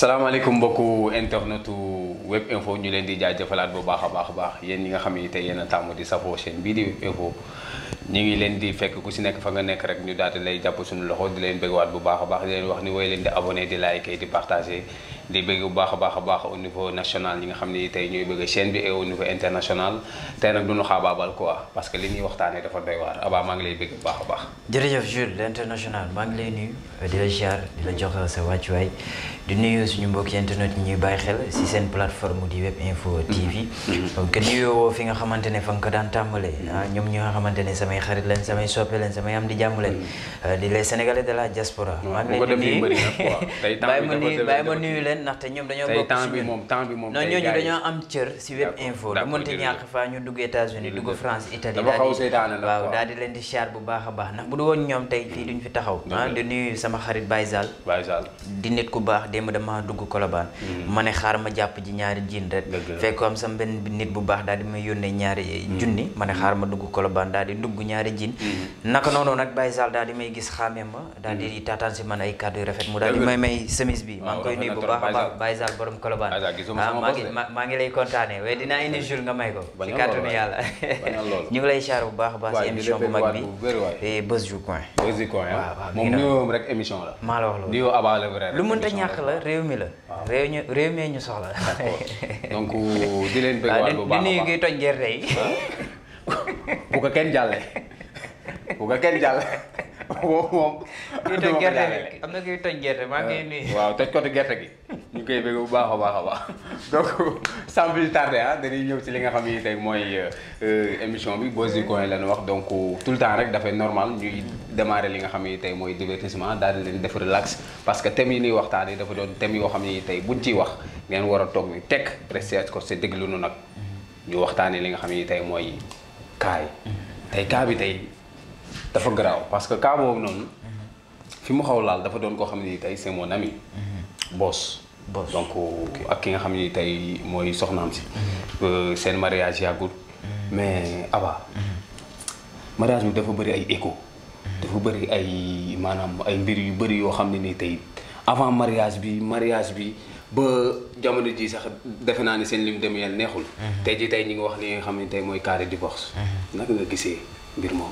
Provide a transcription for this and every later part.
salaamaaleykum mbokku internetu web info ñu leen di jëfalaat bu baax a baax a baax yéen ñi nga xam ne tey yéen a tàmm di safoo chaîne bii di web info ñu ngi leen di fekk ku si nekk fa nga nekk rek ñu daal di lay jàpp suñu loxo di leen bëgg waat bu baax a baax leen wax ni woy leen di abonné di like di partagé. di bëgg bu baax a baax baax au niveau national ñi nga xam ne tey ñooy bëgg chaîne bi et au niveau international tey nag duñu xaabaabal quoi parce que li ñuy waxtaanee dafa doy waar abaa maa ngi lay bëgg bu baax a baax. jërëjëf Jules l'international maa ngi lay nuyu di la ziar di la jox sa wàccuwaay di nuyu suñu mbokki internet yi ñuy bàyyi xel si seen plateforme di web info TV. donc nuyoo fi nga xamante ne fa nga ko daan tàmbalee. Ah, ñoom ñu nga xamante ne samay xarit leen samay soppe leen am di jàmm leen mm. ah, di les sénégalais de la diaspora. Mm. maa ngi leen ndaxte ñoom dañoo bokk temps bi moom temps bi moom non ñooñu dañoo am cër si web info lu mënta ñàkk fa ñu dugg États-Unis dugg France Italie waaw daal di leen di char bu baax a baax ndax bu du woon ñoom tey fii duñ fi taxaw ah, di nuyu sama xarit Baye di nit ku baax démb dama dugg Colobane hmm. ma ne xaar ma jàpp ji ñaari jiin rek fekk am sama benn nit bu baax daal di may yónnee ñaari hmm. junni ma ne hmm. xaar ma dugg Colobane daal di dugg ñaari jiin naka noonu nag Baye Zal daal di may gis xaamee ma daal di taataan si man ay kàddu yu rafet mu daal Baysal borom Colobane ah, maa ngi maa ngi lay kontaane waaye dinaa indi jour nga may ko ci kàttanu yàlla ñu lay xaar bu baax a baax si émission bu mag bi eh, Buzz du coin Buzz du coin waaw moom nuyoom rek la maa la wax loolu nuyoo Aba le vrai lu mënta réew mi la réew ñu réew mi ñu soxla toj gerte yi bu ko kenn jàlle bu ko kenn jàlle moom moom. kuy toj gerte gi ñu koy bëgg bu baax a baax a baax donc sans plus tarder ah dañuy ñëw ci li nga xam ni tey mooy euh, émission bi Buzz du Coin lañu wax donc tout le temps rek dafay normal ñuy démarrer li nga xam ni tey mooy divertissement daal di leen def relax parce que thèmes yi ñuy waxtaanee dafa doon thèmes yoo xam ni tey buñ ciy wax ngeen war toog ni tekk presque ko c'est déglu nu nag ñu waxtaanee li nga xam ni tey mooy kaay tey kaa bi tey dafa garaaw parce que kaa noonu fi mu xaw laal dafa doon koo xam ni tey c'est mon ami mhm. boss. donc ak ki nga xam ni tey mooy soxnaam si. Mhm. Euh, seen mariage yàggul. Mhm. mais Aba. Mhm. mariage bi dafa bëri ay écho. dafa bëri ay maanaam ay mbir yu bëri yoo xam ne ni tey avant mariage bi mariage bi ba jamono ji sax defe naa ni seen lim dem yàlla neexul. te ji tey ñi ngi wax li nga xam ne tey mooy carré divorce. naka nga gisee mbir moom.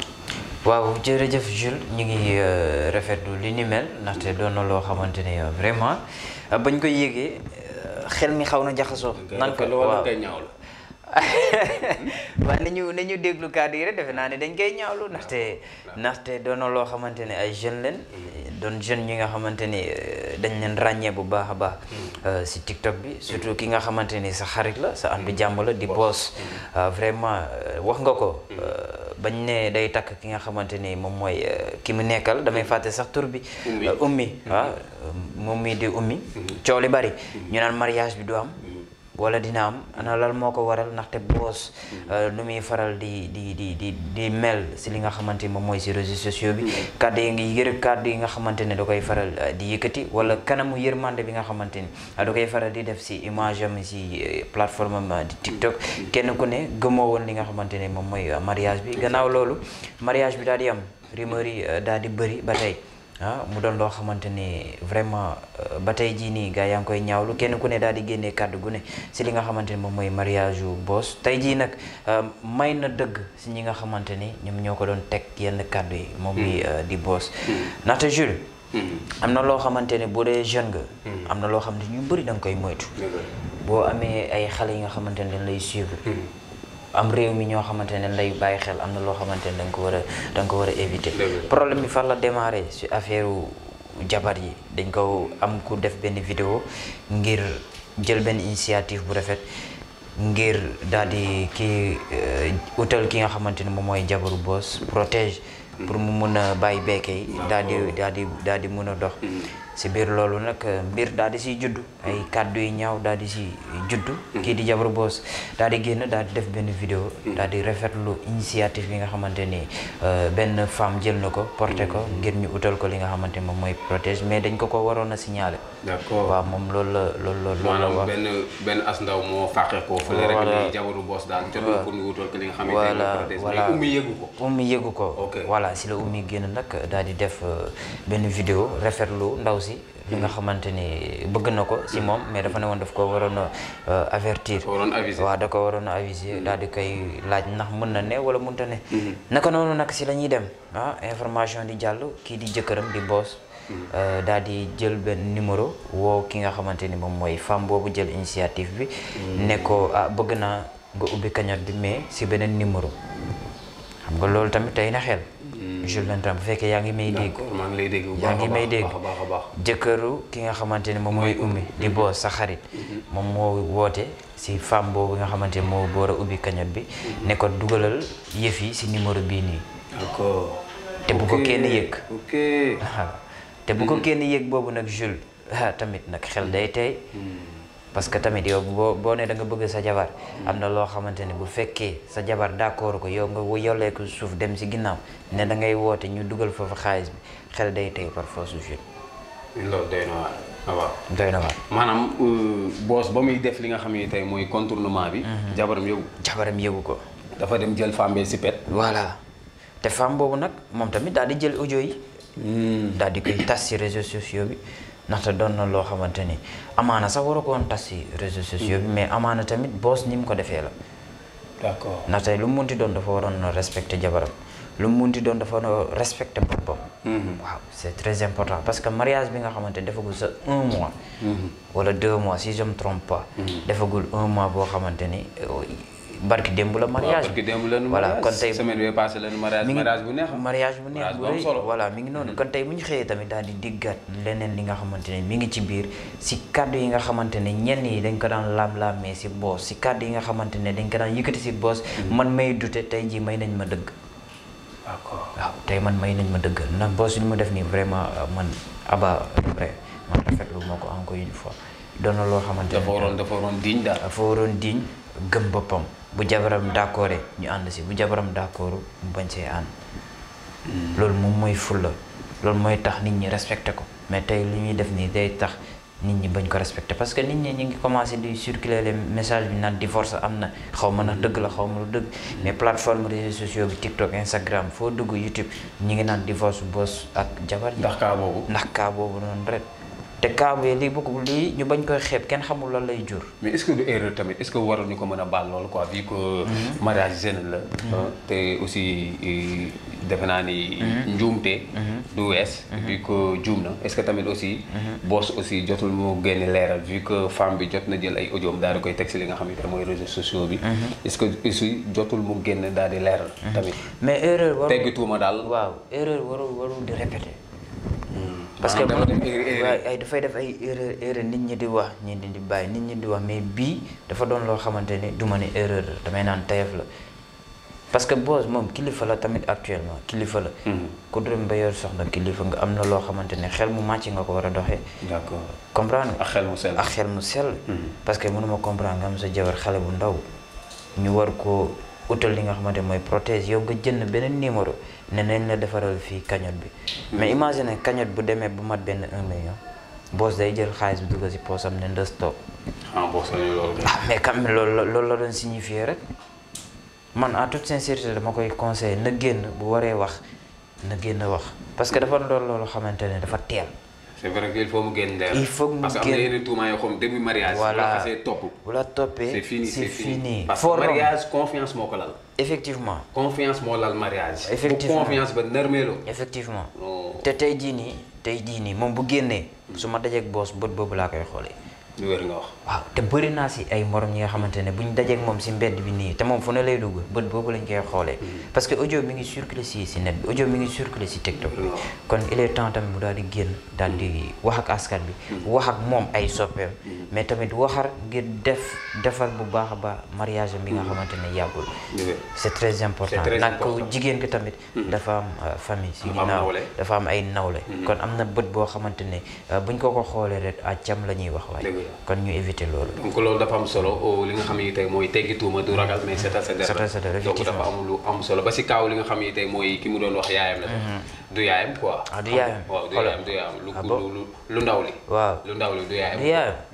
waaw jërëjëf Jules ñu ngi euh, rafetlu li ni mel ndaxte doon na loo xamante ne euh, vraiment euh, bañ koy yëgee xel mi xaw na jaxasoo. nan ko waaw waaw nañu nañu déglu kàddu yi rek defe naa ne dañ koy ñaawlu ndaxte ndaxte doon na loo xamante ne ay jeunes leen doon jeunes ñi nga xamante ni dañ leen ràññee bu baax a baax hmm. si TikTok bi surtout ki nga xamante ni sa xarit la sa àndu hmm. jàmm la di boos hmm. vraiment wax nga ko bañ ne day takk ki nga xamante ni moom mooy euh, ki mu nekkal damay fàtte sax tur bi. Euh, ummi waaw moom mii di ummi. coow li bari ñu naan mariage bi du am. wala dina am na lan moo ko waral ndaxte boos mm. euh, nu muy faral di di di di di mel si li nga xamante ni moom mooy si réseaux sociaux bi kàddu yi ngi yër kàddu yi nga xamante ne da koy faral euh, di wala kanamu yërmande bi nga xamante ni euh, da koy faral di def si image am si plateforme am di TikTok kenn ku ne gëmoo woon li nga xamante ne moom mooy mariage bi gannaaw loolu mariage bi daal di am rumeur yi daal di bëri ba tey ah mu doon loo xamante ni vraiment euh, ba tey jii nii gars yaa ngi koy ñaawlu kenn ku ne daal di génnee kàddu gu ne si li nga xamante ni moom mooy mariage yu boos tey jii nag euh, may na dëgg si ñi nga xamante ni ñoom ñoo ko doon teg yenn kàddu yi. moom bi di hmm. euh, boos. Hmm. ndaxte Jules. Hmm. am na loo xamante ne boo dee jeune nga. am na loo xam ne ñu bëri da nga koy moytu. boo amee ay xale yi nga xamante ne dañ lay suivre. am réew mi ñoo xamante ne lay bàyyi xel am na loo xamante ne da ko war a da ko war a éviter problème bi fan la démarré si affaire jabar yi dañ ko am ku def benn vidéo ngir jël benn initiative bu rafet ngir daal di kii euh, utal ki nga xamante ne moom mooy jabaru bos protège pour mu mun a bàyyi bekke yi daal di daal mun a dox mm-hmm. si biir loolu nag eh, mbir daal di si juddu ay kàddu yu ñaaw daal di si juddu. Hmm. kii di Jabaru Boos daal di génn daal di def benn vidéo. Hmm. daal di rafetlu initiative bi nga xamante ni eh, benn femme jël na ko porté ko hmm. ngir ñu utal ko li nga xamante ni moom mooy protège mais dañ ko ko waroon a signaler. d'accord waaw la loolu la. loolu la wax ndaw ko. fële Boos daal jot na pour ko li nga xamante nag daal di def eh, benn vidéo rafetlu ndaw si Sarkozy li nga xamante ni bëgg na ko si moom mais dafa ne woon daf ko waroon a euh, avertir waaw da ko waroon a aviser mm-hmm. daal di koy laaj ndax mën na ne wala mënta ne mm-hmm. naka noonu nag si la ñuy dem ah information di jàll kii di jëkkëram di boos mm-hmm. euh, daal di jël benn numéro woo ki nga xamante ni moom mooy femme boobu jël initiative bi nekkoo ko ah, bëgg naa nga ubbi cagnotte bi mais si beneen numéro xam nga loolu tamit tey na xel Jules Bellingham bu fekkee yaa ngi may dégg. maa ngi a baax yaa ngi may dégg jëkkëru ki nga xamante ne moom mooy ummi di boos sa xarit. Mm-hmm. moom moo woote si femme boobu nga xamante ne moo boor a ubbi kañot bi. Mm-hmm. ne ko dugalal yëf yi si numéro bii nii. te bu ko kenn yëg. ok te bu ko mm-hmm. kenn yëg boobu nag Jules tamit nag xel day tey. parce que tamit yow boo boo ne danga nga bëgg sa jabar am na loo xamante ne bu fekkee sa jabar d'accord ko yow nga yoleeku suuf dem si ginnaaw ne da ngay woote ñu dugal foofu xaalis bi xel day tey par force du jeu. loolu doy na waar doy na waar. maanaam euh, boos ba muy def li nga xam ne tey mooy contournement bi. Mhm. jabaram yëgu. jabaram yëgu ko. dafa dem jël femme si pet. voilà te femme boobu nag moom tamit daal di jël audio yi. Hmm. daal di koy tas ci réseaux sociaux bi. ndaxte doon na loo xamante ni amaana sax war a tas si réseaux sociaux bi mm-hmm. mais amaana tamit boos ni mu ko defee la. d'accord ndaxte lu mu munti doon dafa waroon a respecté jabaram lu mu ti doon dafa waroon a respecté boppam. Mm-hmm. waaw c'est très important parce que mariage bi nga xamante defagul sa un mm-hmm. mois. wala deux mois si je me trompe pas. defagul un mois boo xamante ni. barki démb la mariage bi voilà kon tey semaine bi passé la mariage mariage bu neex bu neex bu rëy voilà mi ngi noonu mm-hmm. kon tey bu ñu xëyee tamit daal di diggaat leneen li nga xamante ne mi ngi ci biir si kàddu yi nga xamante ne ñenn yi dañ ko daan laam-laamee si boos si kàddu yi nga xamante ne dañ ko daan yëkkati si boos mm-hmm. man may dute tey jii may nañ ma dëgg waaw tey man may nañ ma dëgg ndax boos li ma def nii vraiment euh, man aba vrai man rafetlu moo ko encore une fois doon na loo xamante ne dafa waroon dafa waroon diñ daal dafa waroon diñ gëm boppam bu jabaram d'accordé ñu ànd si bu jabaram d'accord mu bañ see ànd loolu moom mooy fulla loolu mooy tax nit ñi respecté ko mais tey lu ñuy def nii day tax nit ñi bañ ko respecté parce que nit ñi ñu ngi commencé di circuler les messages bi naan divorce am na xaw ma nag dëgg la xaw ma lu dëgg mais plateforme réseaux sociaux bi TikTok Instagram foo dugg YouTube ñu ngi naan divorce boss ak jabar yi ndax kaa boobu ndax kaa boobu noonu rek te kaamee lii bëgg lii ñu bañ koy xeeb kenn xamul lan lay jur. mais est-ce que du erreur tamit est-ce que ñu ko mën a baal loolu quoi vu que. Mm-hmm. mariage jeune la. Mm-hmm. Euh, te aussi euh, defe naa ni. Mm-hmm. njuumte. du wees. vu que juum na est-ce tamit aussi. boss aussi jotul mu génn leeral vu que femme bi jot na jël ay audio daal di koy teg si li nga xamante ne mooy réseaux sociaux bi. est que aussi jotul mu génn daal di leeral. tamit mais erreur warul teggi tuuma daal. waaw erreur warul warul di répéter. parce que ah, ay dafay def ay nit ñi di wax ñi di bàyyi nit ñi di wax mais bii dafa doon loo xamante ni du ma ne erreur damay naan tayef la parce que boos moom kilifa la tamit actuellement kilifa la. Hmm. ku dul mbéyoon soxna kilifa nga am na loo xamante ne xel mu màcc nga ko war a doxee. d'accord comprendre xel mu sell ak xel mu sell. Hmm. parce que mënuma comprendre nga sa jabar xale bu ndaw ñu war ko utal li nga xamante mooy protège yow nga jënd beneen numéro. ne neen la defaral fii cagnotte bi mm-hmm. mais imagine cagnotte bu demee bu mat benn un million boss day jël xaalis bi dugal si poosam ne nda stop ah boss la loolu ah, mais quand même loolu loolu la doon signifier rek man en toute sincérité dama koy conseillé na génn bu waree wax na génn wax parce que dafa doon loolu xamante ne dafa teel c'est vrai qu'il faut mu génn leer. il faut mu génn parce que am na yeneen tuuma yoo xam bu la toppee c'est fini c'est fini. mariage confiance moo ko lal. effectivement confiance moo lal mariage. effectivement bu confiance ba nërmeeloo. effectivement oh. te tey jii nii tey jii nii moom bu génnee. Mm. su ma dajeeg boos bët boobu laa koy xoolee. lu wér nga wax. waaw te bëri naa si ay morom ñi nga xamante ne bu ñu dajeeg moom si mbedd bi nii te moom fu ne lay dugg bët boobu lañ koy xoolee. Hmm. parce que audio mi ngi circulé si si net bi audio mi ngi circulé si TikTok bi. Hmm. kon il temps tamit mu daal di génn daal di hmm. wax ak askan bi. wax ak moom ay soppeem. mais tamit waxar ngir def defar bu baax a baax mariage bi nga xamante ne yàggul. c'est très important nag ko jigéen ki tamit. dafa am euh, famille. si ginnaaw dafa am ay nawle. kon am na bët boo xamante ne euh, buñ ko ko xoolee rek ah la ñuy wax waaye. kon ñu éviter loolu. donc loolu dafa am solo li nga xam ni tey mooy teggi tuuma du ragal mais setal sa der. setal sa dafa am lu am solo ba si kaaw li nga xam ni tey mooy ki mu doon wax yaayam la. Mm-hmm. du yaayam quoi. ah du yaayam lu lu ndaw li. waaw lu ndaw li du yaayam.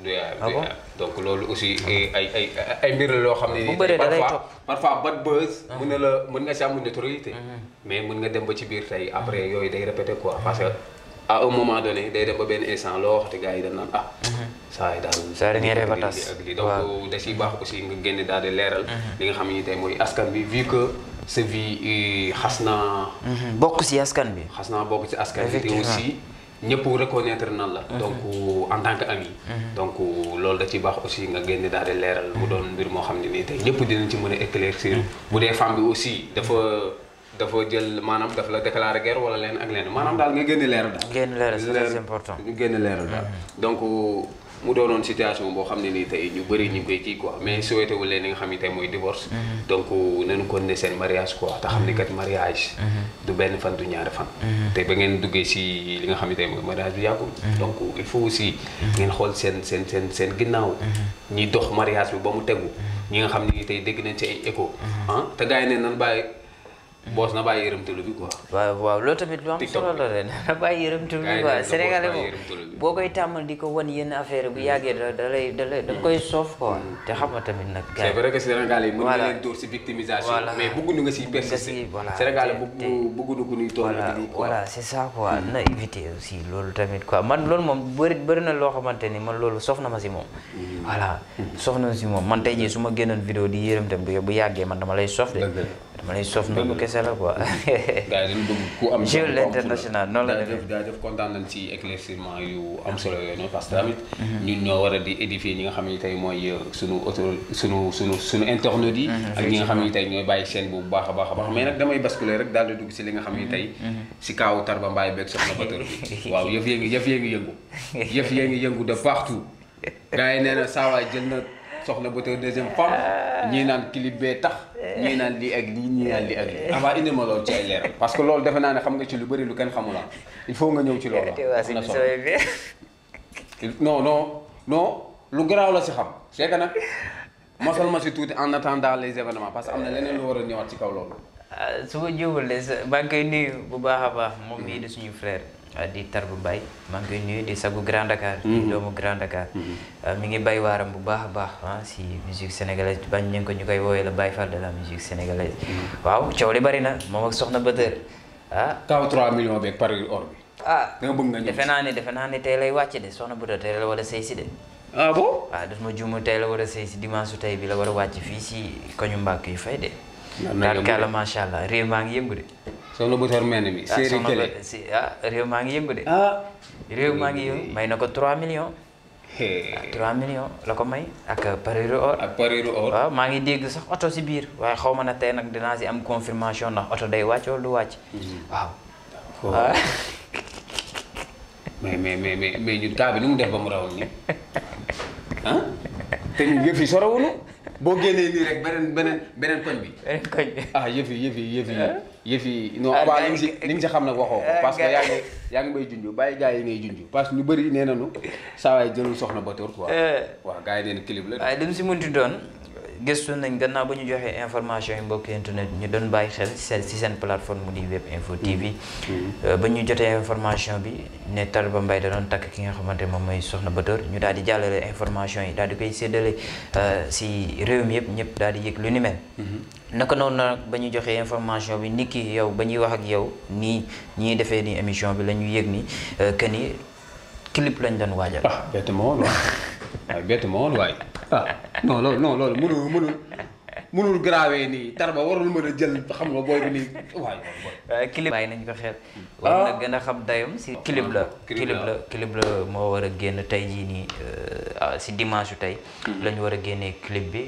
du yaayam du ah loolu aussi eh, ay ay ay mbir la loo xam ne. Ah, bu bëree da lay topp parfois bad ah. na la mën nga si am notoriété. Mm-hmm. mais mën nga dem ba ci biir tey après mm-hmm. yooyu day répété ko parce que. à un moment donné day dem ba benn instant loo waxte gars yi dañ naan ah. Mhm. saa yi daal. saa yi génn daal di leeral. Mhm. li nga xam ne tey mooy askan bi vu que sa vie euh, mhm. bokk ci askan bi. xas naa bokk ci askan bi te aussi. ñëpp reconnaître nan la. donc en tant que ami. donc loolu da ci baax aussi nga génn daal di leeral. mu doon mbir moo xam ne nii tey ñëpp dinañ ci mën a éclaircir. bu dee femme bi aussi dafa. dafa jël maanaam daf la déclaré guerre wala leen ak leen maanaam daal nga génn leeral daal. génn leeral leeral daal mm-hmm. donc mu doonoon situation boo xam ne nii tey ñu bëri ñu ngi koy kii quoi mais souhaité leen li nga xam ne tey mooy mm-hmm. mariage mm-hmm. du benn fan te ba ngeen duggee si li nga xam ne tey mooy mariage bi yàggul. donc il faut aussi. ngeen xool seen seen seen seen ginnaaw. ñi dox mariage bi ba mu tegu. ñi nga xam ne tey dégg nañ ci ay ah, te gars yi ne nan bàyyi. boos na bàyyi yërëmtalu bi quoi. waaw waaw loolu tamit lu am solo la ren boo koy tàmmal di ko wan yenn affaire bu mm. yàggee da da mm. koy soof mm. te xam nga tamit nag. gars yi c'est vrai que Sénégalais mën na leen dóor si ko ñuy loolu tamit quoi man loolu moom bëri bëri na loo xamante ni man loolu soof na ma si moom. voilà soof na ma si moom man tey jii su ma génnoon vidéo di yërëm tam bu yàggee man dama lay soof de man it soof ndóol kese la quoi. gars yi dañu bëgg ku am. jiw l'international noonu la demee gars def kontaan nañ ci éclaircissement yu am solo yooyu noonu parce que mm-hmm. tamit. Mm-hmm. ñoo war a di édifier ñi nga xam ne tey mooy euh, sunu auto sunu sunu sunu internautes yi. Mm-hmm, ak ñi nga xam ne tey ñooy bàyyi seen bu baax a baax a baax mais nag damay basculer rek daal di dugg si li nga xam ne tey. si kaawu Tarba Mbaye beeg soxna Bator bi waaw yëf yee ngi yëf yee ngi yëngu. yëf yëngu de partout gars yi nee jël na. soxla ba tey deuxième femme ñii naan clip bee tax ñii naan lii ak ñi ñii naan lii ak lii indi ma loolu ci ay leeral parce que loolu defe naa ne xam nga ci lu bëri lu kenn xamula ah. il faut nga ñëw ci loolu ah. non non non lu garaaw la si xam c'est que nag mosal ma si tuuti en attendant les événements parce que am na leneen lu war a ñëwaat ci kaw loolu ah, su ma jóobal de maa ngi koy nuyu bu baax a baax moom mii di suñu frère Euh, di Tarba Mbaye maa ngi koy nuyu di sagu Grand Dakar. di mhm. doomu Grand Dakar. Mhm. Euh, mi ngi bay waaram bu baax a baax ah si musique sénégalaise bañ ñu ko ñu koy woowee la Baye Fall de la musique sénégalaise. Mhm. waaw coow li bari na moom ak soxna Bëtër ah. kaw 3 millions par or bi. Ah, defe naa ne defe naa ne tey lay wàcc de soxna Bëtër tey la war a sëy si de. ah bon. Ah, daf ma juumu tey la war a sëy si dimanche tey bi la war a wàcc fii si koñu mbàkk yu fay de. daal kàlla macha allah réew maa ngi yëngu de. soxna bu sor mel mi séeri télé ah réew maa ngi yëngu de ah réew maa ngi yëngu may na ko 3 millions 3 millions la ko may ak parure or or maa ngi dégg sax oto si biir waaye xaw ma na tey nag dinaa si am confirmation ndax oto day wàcc wala du wàcc waaw waaw mais mais mais mais mais bi nu mu def ba mu rawoon ni ah te ñu yëf yi sorowunu boo génnee nii rek beneen beneen bi beneen koñ bi ah yëf yëf ah, yi non waa li si li si xam nag waxoo ko ah, parce que yaa ngi yaa ngi may junj bàyyi gars yi ngay junj parce que ñu bëri nee nañu saa waay jëlul soxna ba tóor quoi. Eh. waaw gars yi neen clip la. waaye li mu si mënti doon. gëstu nañ gannaaw ba ñu joxee information yi mbokki internet ñu doon bàyyi xel seen si seen plateforme di web info tv mm-hmm. mm-hmm. euh, ba ñu jotee information bi ne ba mbay da doon takk ki nga xamante moom mooy soxna Bator ñu daal di jàllale information yi daal di koy séddale si euh, réew mi yëpp ñëpp daal di yëg lu ni mel mm-hmm. naka noonu nag ba ñu joxee information bi nit ki yow ba ñuy wax ak yow nii ñuy defee ni émission bi la ñu yëg ni euh, que ni clip lañ doon waajal ah ah non loolu non loolu mënul mënul mënul gravé nii tarba warul mën a jël xam nga booy bi nii waaye. Euh, clip bàyyi nañ ko xel. Ah. war na gën a xam dayam si. clip la clip la clip la moo war a génn tey jii nii euh, ah, si dimanche tey. Mhm. lañu war a génne kilib bi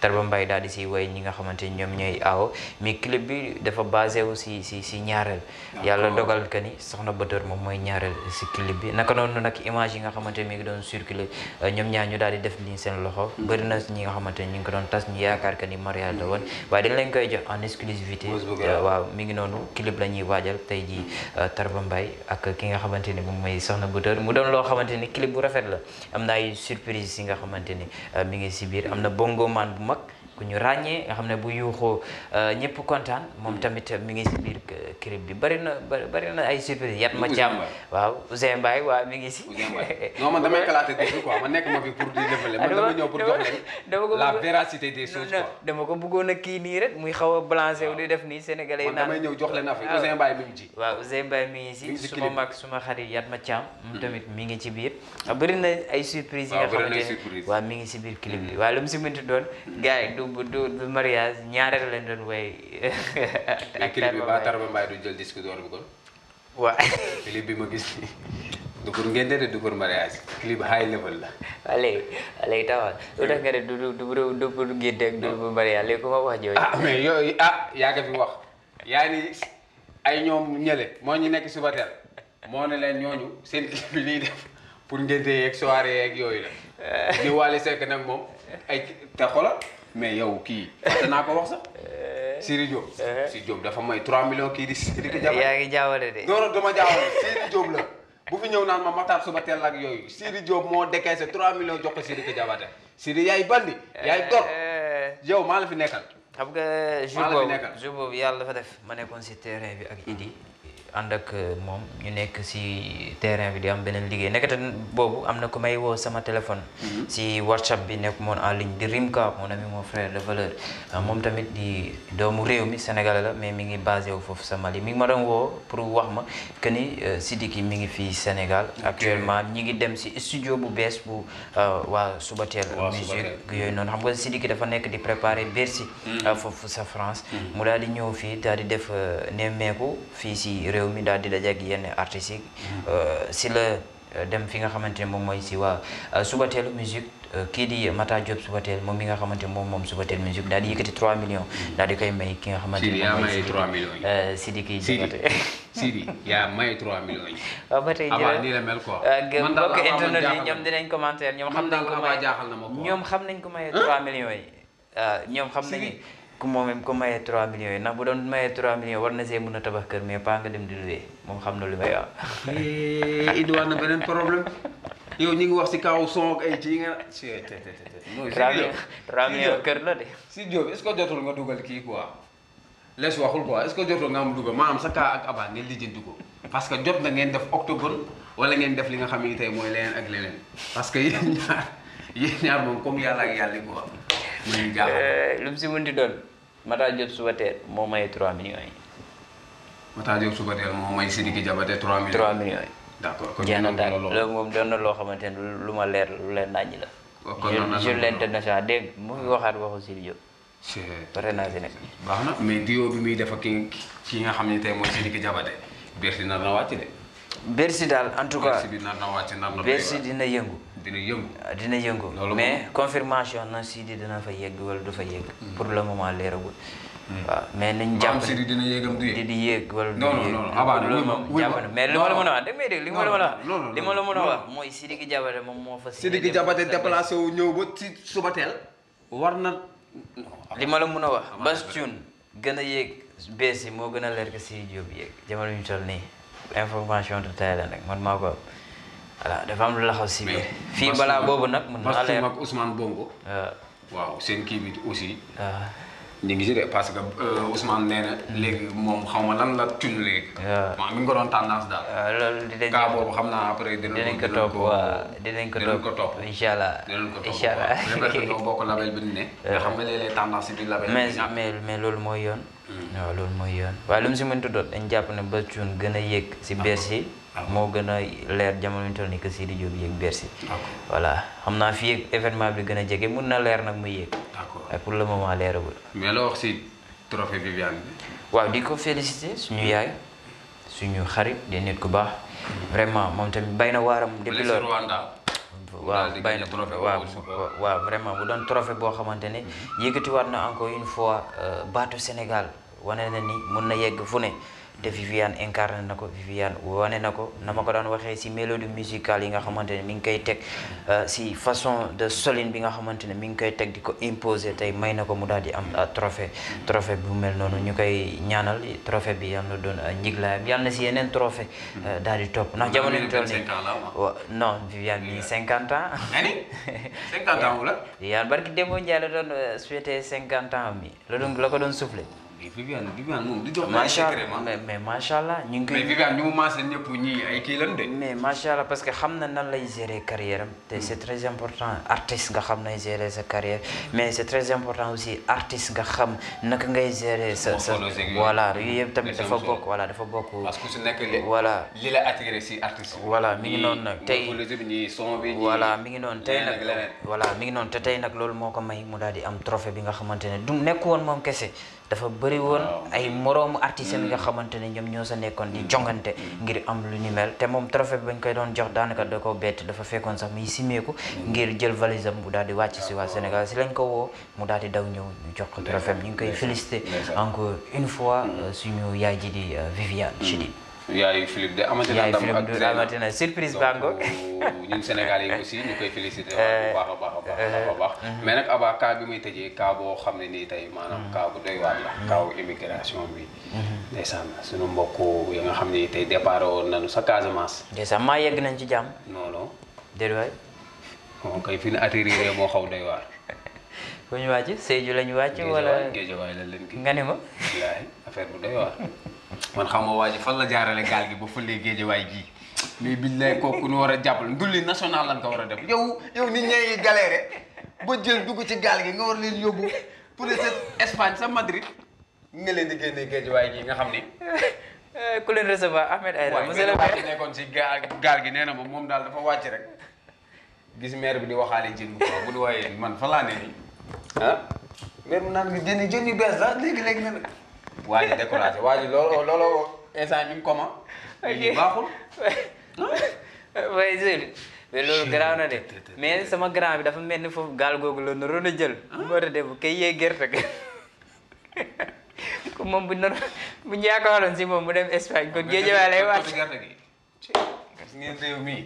tarba mbay daal di si way ñi nga xamante ni ñoom ñooy aaw mais clip bi dafa basé wu si si si ñaareel. yàlla dogal ka ni soxna Bator moom mooy ñaareel si clip bi naka noonu nag image yi nga xamante ni mi ngi doon circulé euh, ñoom ñaar ñu daal di def nii seen loxo. Mhm. bëri na ñi nga xamante ni ñu ngi ko doon tas Montréal la woon waaye dañ leen koy jox en exclusivité euh, waaw mi ngi noonu clip la waajal tey ji euh, Tarba ak ki nga xamante ni moom mooy Soxna Bouteur mu doon loo xamante ni clip bu rafet la am na surprise yi nga xamante ni euh, mi ngi si biir am na bongo man bu mag ku ñu ràññee nga xam ne bu yuuxoo euh, ñëpp kontaan moom tamit mi ngi si biir euh, clip bi bari na bari na ay surprise yat ma jàmm waaw Ousseyn Mbaye waaw mi ngi si non man damay pour di développer man dama des choses quoi dama ko bëggoon a kii nii rek muy xaw a balancé wu di def nii sénégalais yi ñëw jox leen affaire Ousseyn Mbaye mi ngi ci waaw mi si suma mag suma xarit yat ma jàmm moom mm. tamit mi ngi ci biir ah, bari na ay surprise yi nga xamante ne waaw mi ngi si biir clip bi mm. waaw lu mu si mënti doon gars yi bu du du mariage ñaar rek lañ doon woy. ak clip bi ma gis nii du pour ngénte de du pour mariage clip high level la. waaw léegi léegi taxawal tax nga ne du du du pour ngénte du pour léegi ku ma wax jooju. ah mais ah, yaa ngi fi wax yaa ni ay ñoom ñële moo ñu nekk suba moo ne leen ñooñu seen clip def pour ngénte yeeg soirée yeeg yooyu la. di Wally Seck nag moom te xoolal. mais yow kii naa ko wax sax. Siri Diop. Eh. Siri Diop dafa may 3 millions kii di Siri di jaawale. yaa ngi jaawale de. non dama jaawale Siri Diop la bu fi ñëw naan ma Matar suba teel ak yooyu Siri Diop moo décaissé 3 millions jox ko Siri Diabate Siri yaay bandi. yaay eh. gor yow maa la fi nekkal. xam nga jour boobu jour yàlla dafa def ma nekkoon si terrain bi ak Idi. ànd ak euh, moom ñu nekk si terrain bi di am beneen liggéey nekkate boobu am na ku may woo sama téléphone si mhm. whatsapp bi nekk moon en ligne di Rimka mon ami mon frère de euh, moom tamit di doomu réew mi sénégalais la mais mi ngi basé wu foofu sa Mali mi ma doon woo pour wax ma que ni euh, Sidiki mi ngi fii Sénégal actuellement ñi ngi dem si studio bu bees bu waa Subatel musique yooyu noonu xam nga Sidiki dafa nekk di préparer Bercy mhm. foofu sa France mhm. mu daal di ñëw fii daal di def nemmeeku fii si réew mi daal di dajeek yenn artistes euh, si la euh, dem fi nga xamante ne moom mooy si waa euh, Subateelu musique kii di Mata Diop Subatel moom mi nga xamante ne moom moom Subatel musique daal di yëkkati 3 millions hmm. daal di koy may ki nga xamante ne moom mooy 3 millions yi Sidi may 3 millions yi waaw ba te jërëjëf nii la mel quoi man daal mbokk internet yi ñoom dinañ commentaire ñoom xam nañ ko may ñoom xam nañ ko may 3 millions yi ñoom xam nañ ku moom ku mayee 3 millions yi ndax bu doon mayee 3 millions war na see mën a tabax kër mais pas nga dem di lu may wax. Eh, ñu ngi wax si kaw son ay ci nga. si yooyu te te te la de. si Diop est ce que jotul kii quoi les waxul quoi est ce que jotul nga am sa kaa ak Aba ngeen lijjanti ko parce que jot na ngeen def octogone wala ngeen def li nga xam ne mooy leneen ak leneen parce que yéen ñaar yéen ñaar moom ak yàlla quoi. muy eh, lu mu si mën di doon. Matar Diop suba teel moo may 3 millions yi. Matar Diop suba teel moo may Sidiki Diabaté 3 millions 3 millions yi. d'accord kon jeex na daal moom doon loo xamante ne lu ma leer lu leen naaj la. kon sur l'international dégg mu ngi waxaat waxu Sidi Diop. pare naa si nekk. baax na mais diwo bi muy def ki nga xam ne tey mooy Sidiki Diabaté berti na na wàcc de. Bercy daal en tout cas Bercy dina yëngu. dina yëngu ah, dina yëngu. mais confirmation na Sidi dina fa yegg wala dafa fa yegg. Hmm. pour le moment leeragul. Hmm. waaw mais nañ jàpp ne Sidi dina yéegam du yéeg. di yéeg wala du yéeg non mais li ma la mën a wax dégg nga dégg li ma la mën a wax. li ma la mën moom moo fa. Sidiki Diabaté déplacé wu ñëw ba ci suba war na. li ma la mun a wax Bass Thioung gën a yéeg yi moo gën a leer que Sidi Diop yéeg ñu toll nii information de terrain rek man maa ko voilà dafa am lu laxaw si fii balaa boobu nag mën naa leer ak Ousmane kii bi aussi ñu si parce que Ousmane nee na léegi moom xaw ma lan la tudd léegi waaw boobu xam naa après dinañ ko topp waaw dinañ mais loolu mooy yoon Hmm. waaw loolu mooy yoon waaye lu si mënti doon dañ jàpp na ba Thioune gën a yéeg si Bercy moo gën a leer jamono ñu toll nii que Sidi Diop yéeg Bercy voilà xam naa fi événement bi gën a jege na leer nag mu yéeg pour le moment leeragul mais loo wax waaw di ko félicité suñu yaay suñu xarit di nit ko baax vraiment moom tamit bay na waaram depuis loolu waaw bay na waaw waaw vraiment bu doon trophée boo xamante ne mhm. yëkkatiwaat na encore une fois euh, baatu Sénégal wane na ni mun na yegg fu ne te Viviane incarné na ko Viviane wane na ko nama ko daan waxee si mélodie musicale yi nga xamante ne mi ngi koy teg si euh, façon de soline bi nga xamante ne mi ngi koy teg di ko imposer tey may na ko mu daal di am euh, trophée trophée bu mel noonu ñu koy ñaanal trophée bi yàlla na doon euh, njiglaayam yàlla na si yeneen trophée daal di topp ndax jamono ñu toll nii waaw non Viviane bi cinquante ans cinquante ans la Viviane barki démboo Ndiaye la doon souhaité cinquante ans mi la doon la ko doon soufflé mais Viviane Viviane moom du mais macha allah ñu ngi koy ñu mu maasee ñëpp ñii ay kii lan de. mais macha allah parce que xam na nan lay gérer carrière am te c' est très important artiste nga xam nay gérer sa carrière hmm. mais c' est très important aussi artist nga xam naka ngay gérer sa sa voilà yooyu yëpp tamit dafa bokk wala dafa bokk. parce su nekk voilà li la attiré mi ngi noon nag tey son bi voilà mi ngi noonu tey nag ngi noonu te tey nag loolu moo ko may mu daal di am trophée bi nga xamante ne du nekk woon moom kese dafa bëri woon ay moroomu artistes yi nga xamante ne ñoom ñoo sa nekkoon di jongante mm. Mm. ngir am lu ni mel te moom trophée bañ koy doon jox daanaka da ko bett dafa fekkoon sax muy simeeku mm. ngir jël valise mu bu daal di wàcc si waa Sénégal si lañ ko mu daal di daw ñëw ñu jox ko trophée ñu ngi koy félicité encore une fois euh, suñu yaay ji di euh, Viviane Chidid yaayu Philippe de amati na ndam ak euh, ñun Sénégal yi aussi ñu koy félicité euh, bu baax a baax a baax a baax euh, mais nag Aba cas bi tëjee cas xam ne nii tey maanaam mm. cas bu la mm. cas immigration bi mm-hmm. ndeysaan suñu mbokk yi nga xam ne tey départ woon sa Casamance ndeysaan maa yegg nañ ci jàmm non non déedéet waay moom kay fi ñu atterrir xaw doy waar ñu wàcc Sédhiou la ñu wàcc wala Géejawaay la leen bu doy man xaw ma waa la jaarale gaal gi ba fëlee géejewaay gii mais billaay kooku ñu war a jàppale ndulli national lan ko war a def yow yow nit ñee galéré ba jël dugg ci gaal gi nga war leen yóbbu pour sa Espagne sa Madrid nga leen di nga xam ni. Euh, ku leen recevoir Ahmed Aïdara monsieur le maire nekkoon ci gi nee na ma moom daal dafa wàcc rek gis maire bi di waxaale jën bu bu du waaye man fa laa ne nii ah maire mu naan jën yi jën yu bees la léegi-léegi nag. waa ji découragé waa ji looloo looloo instant bi mu koma. ok baaxul. mooy jël mais de mais sama grand bi dafa mel ni foofu gaal googu la naroon a jël. moo tax de bu kay yee gerte gi comme moom bu naroon bu ñu yaakaaroon si moom mu dem Espagne kon géej waay lay wàcc. mi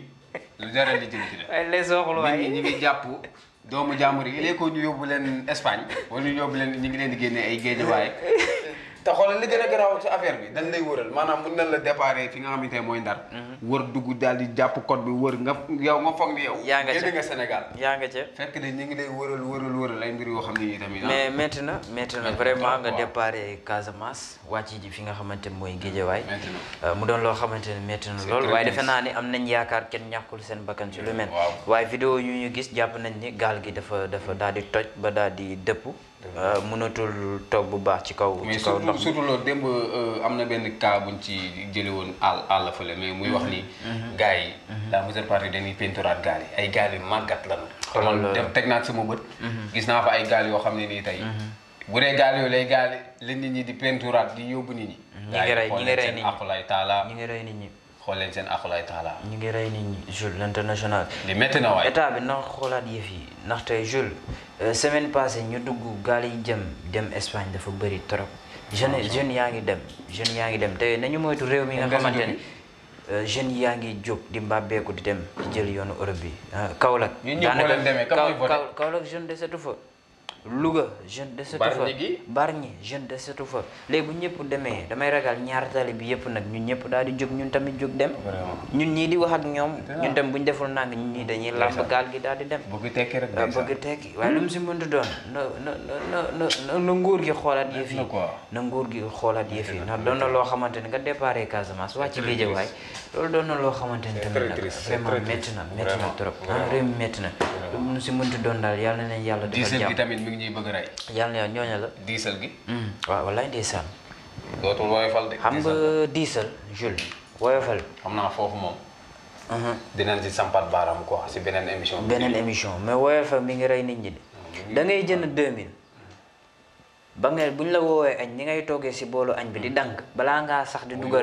lu jar a lijjanti la. waaye les soxla waay ngi jàpp. doomu jàmbur yi lekkoo ñu yóbbu leen Espagne wala ñu yóbbu leen ñu ngi leen di génne ay géej waaye. te xoolal li gën a garaaw ci affaire bi dañ lay wëral maanaam mun nañ la déparé fi nga xamante ne mooy ndar. Mhm. wër dugg daal di jàpp code bi wër nga yow nga foog ni yow. yaa nga ca génn yaa nga ca fekk ne ñu ngi lay wëral wëral wëral ay mbir yoo xam ne yii tamit. Ah. mais métti na métti na vraiment nga déparé Casamance wàcc ji fi nga xamante ne mooy mm-hmm. Guédiawaye. Euh, mu doon loo xamante ne métti na lool. waaye defe naa ne am nañ yaakaar kenn ñàkkul seen bakkan ci lu mel. Mm-hmm. waaye vidéo yu ñu gis jàpp nañ ni gaal gi dafa dafa daal di toj ba daal di dëpp Euh, mënatul toog bu baax ci kaw. ci kaw ndox mais surtout loolu euh, am na benn cas ci jëlee woon àll àll fële mais muy wax mhm. ni. Mhm. gars yi. Mhm. la majeure partie dañuy peinturaat gaal yi ay gaal yu màggat la ñu. dem teg naa ak sama bët. gis naa fa ay gaal yoo xam ne nii tey. bu dee gaal yooyu lay gaal la nit ñi di peinturaat di yóbbu nit ñi. ñi ngi yi nit ñi. xool leen seen akulaay taala ñu ngi rey nit Jules l'international. na waay état bi na xoolaat yëf yi te Jules euh, semaine passée ñu dugg gaal yi jëm dem Espagne dafa bari trop. jeunes ah, jeunes yaa ngi dem jeunes yaa ngi dem te nañu moytu réew mi nga xamante ni. Euh, jeunes yaa ngi jóg di mbàbbeeku di dem jël yoonu Europe bi ah, Kaolack. daanaka ñun ñëpp moo leen demee Louga jeune desetu fa Bargny jeune desetu fa léegi bu ñëpp demee damay ragal ñaar bi yëpp nag ñun ñëpp daal di jóg ñun tamit jóg dem ñun ñii di wax ak ñoom ñun tamit bu ñu deful nang ñun ñii dañuy làmb gaal gi daal di dem bëgg tekki waaye lu mu si mënti doon na na na na na gi xoolaat yëf yi na nguur gi xoolaat yëf yi doon na loo xamante nga déparé Casamance wàcc Guédiawaye loolu doon na loo xamante ne tamit nag vraiment métti na trop ah mi métti na lu mu si mënti doon daal yàlla nañ ngi ñuy bëgg a rey. yàlla na yow ñooñu la. diisal gi. Hmm. waaw wallaay ndeysaan. dootul woyofal de. xam nga diisal Jules woyofal. xam naa foofu uh-huh. mi ngi rey nit hmm, da ngay jënd 2000. ba nga bu ñu la woowee añ ni si boolu añ bi di hmm. dànk balaa ngaa sax di dugg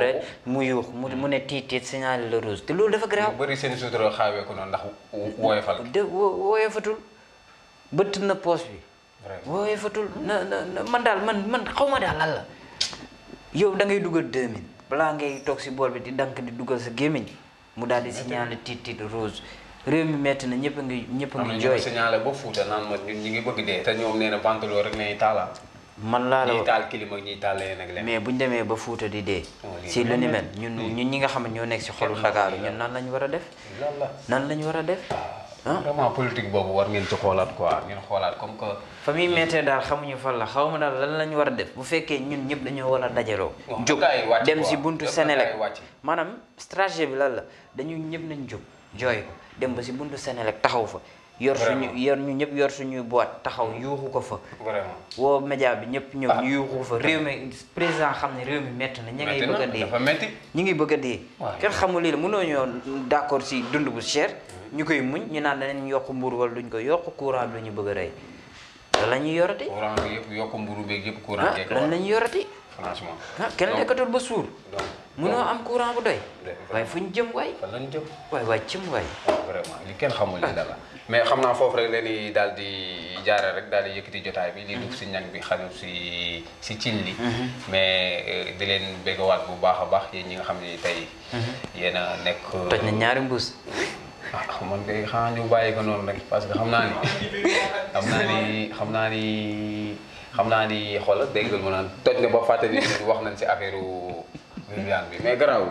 mu yuux mu ne tiit tiit signalé le rouge te loolu dafa grave. bëri seen sutura xaawee noonu ndax woyofal. de woyofatul bëtt na poos bi. woowee fatul na man daal man man xaw ma daal lan la yow da ngay dugal deux mille balaa ngay toog si bool bi di dank di dugal sa gémmiñ mu daal di signalé tiit tiit rose réew mi metti na ñëpp a ngi ñëpp a ngi jooy signalé ba fuuta naan ma ngi bëgg dee te ñoom nee rek nañu taala ah. man laa la ñuy taal climat ñuy taal leneen ak mais bu ñu demee ba fuuta di dee oh, si lu ni mel ñun hmm. ñun ñi nga xam ne ñoo nekk si xolu Ndakaaru ñun nan lañu war a def nan lañ war a def ah. vraiment politique boobu war ngeen ci xoolaat quoi ngeen xoolaat comme que. fa muy méttee daal xamuñu fan la xaw ma daal lan lañu war a def bu fekkee ñun ñëpp dañoo war a dajaloo. jóg dem si buntu Sénélec maanaam stratégie bi lan la dañu ñëpp nañ jóg jooy ko dem ba si buntu Sénélec taxaw fa. yor suñu yor ñu ñëpp yor suñuy boîte taxaw yuuxu ko fa. vraiment woo média bi ñëpp ñëw ñu ah. yuuxu fa réew mi président xam ne réew mi métti na. ñi ngay bëgg a dee ñu ñi ngi bëgg a dee. kenn xamul lii la mënoo ñoo d'accord si dund bu cher. ñu koy muñ ñu naan danañ yokk mburu wala duñ ko yokk courant lu ñu bëgg a rey lan la ñuy yorati. courant yokk mburu beeg yëpp courant ah, beeg la ñuy yorati. franchement ah kenn nekkatul ba suur. mënoo am courant bu doy. waaye fu ñu jëm waay. fan la ñu jëm waay ah, li kenn xamul li dala mais xam naa foofu rek leeni daal di jaare rek daal di yëkkati jotaay bi. li dugg si ñang bi xanu si si cin li. Mhm. mais euh, di leen béggawaat bu baax a baax yéen ñi nga xam ne tey. Mhm. yéen a nekk. toj na ñaari mbuus. ah man kay xanaa ñu ko noonu rek parce que xam naa ni xam naa ni xam naa ni xam naa ni xoolal naan toj nga ba fàttali wax nañ si affaire Viviane bi mais garaawul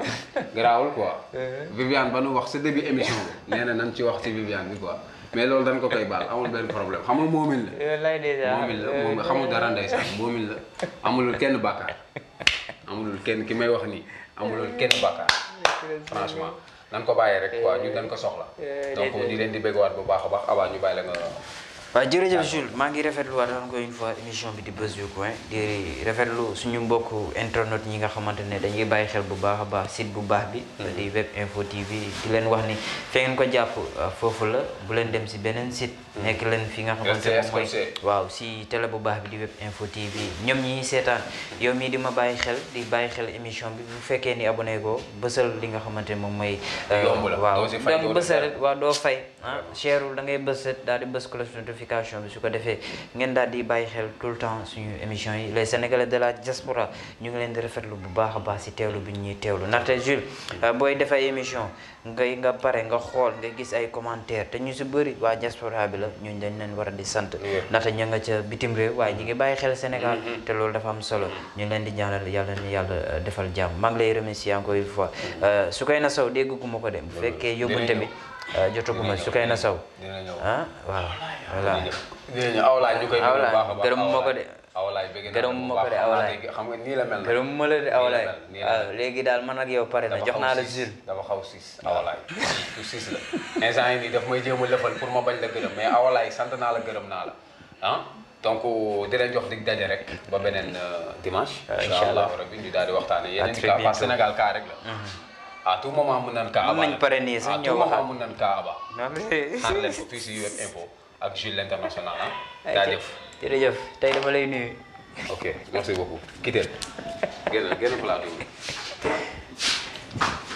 garaawul quoi. Eh. Viviane ba nu wax sa début émission bi na nañ ci wax si Viviane bi quoi mais loolu dañ ko koy baal amul benn problème xamul moomin la. Eh, yow la xamul dara ndeysaan moomin la amulul kenn bàkkaar amulul kenn ki may wax nii amulul kenn bàkkaar franchement. nan ko bàyyee rek waa ñu eh, dañ ko soxla. Eh, donc ñu leen di waat bu baax a baax avant ñu bàyyi la nga. waaw jërëjëf Jules maa ngi rafetluwaat encore une fois émission bi di Buzz du Coin di rafetlu suñu mbokk internet ñi nga xamante ne dañuy bàyyi xel bu baax a baax site bu baax bi. Mm-hmm. di web info TV di leen wax ni fe ngeen ko jàpp foofu la bu leen dem si beneen sit Mm. nekk leen fi nga xamante ne mooy waaw si télé bu baax bi di web info TV ñoom ñi seetaan yow mii di ma bàyyi xel di bàyyi xel émission bi bu fekkee ni abonné ko bësal li nga xamante ne moom mooy euh, waaw donc bësal rek waaw doo fay ah cherul da ngay bës daal di bës cloche notification bi su ko defee ngeen daal di bàyyi xel tout le temps suñu émission yi les sénégalais de la diaspora ñu ngi leen di rafetlu bu baax a baax si teewlu bi ñuy teew teewlu ndaxte Jules euh, booy def ay émission ngay nga pare nga xool nga gis ay commentaire te ñu si bëri waa diaspora bi la ñun dañ leen war a di sant ndaxte ña nga ca bitim réew waaye ñi ngi xel Sénégal mm-hmm. te loolu dafa am solo mm-hmm. ñu leen di ñaanal yàlla ñu yàlla euh, defal jàmm maa ngi lay remercier encore une fois mm-hmm. euh, su koy na saw dégguma ko dem bu fekkee yóbbante bi euh, jotaguma su koy na saw ah waaw voilà awlaa ñu ko de awalaay bëgg naa gërëm ma ko de awalaay xam nga nii la mel gërëm ma la de awalaay waaw léegi daal man ak yow pare na jox naa la jule dama xaw siis awalaay tu siis la instant yi nii daf may jéem a lëfal pour ma bañ la gërëm mais awalaay sant naa la gërëm naa la ah donc di leen jox dig daje rek ba beneen euh, dimanche incha allah rabbi ñu daal di waxtaanee yeneen cas parce que Sénégal cas rek la mhm. à tout moment mun nañ kaa aba mën nañ pare nii sax ñëw waxaat à tout moment mun nañ kaa aba naan leen ko fii si UM Info ak Jules l'international ah jaajëf jërëjëf tey dama lay nuyu. ok merci beaucoup. Kiteel. génn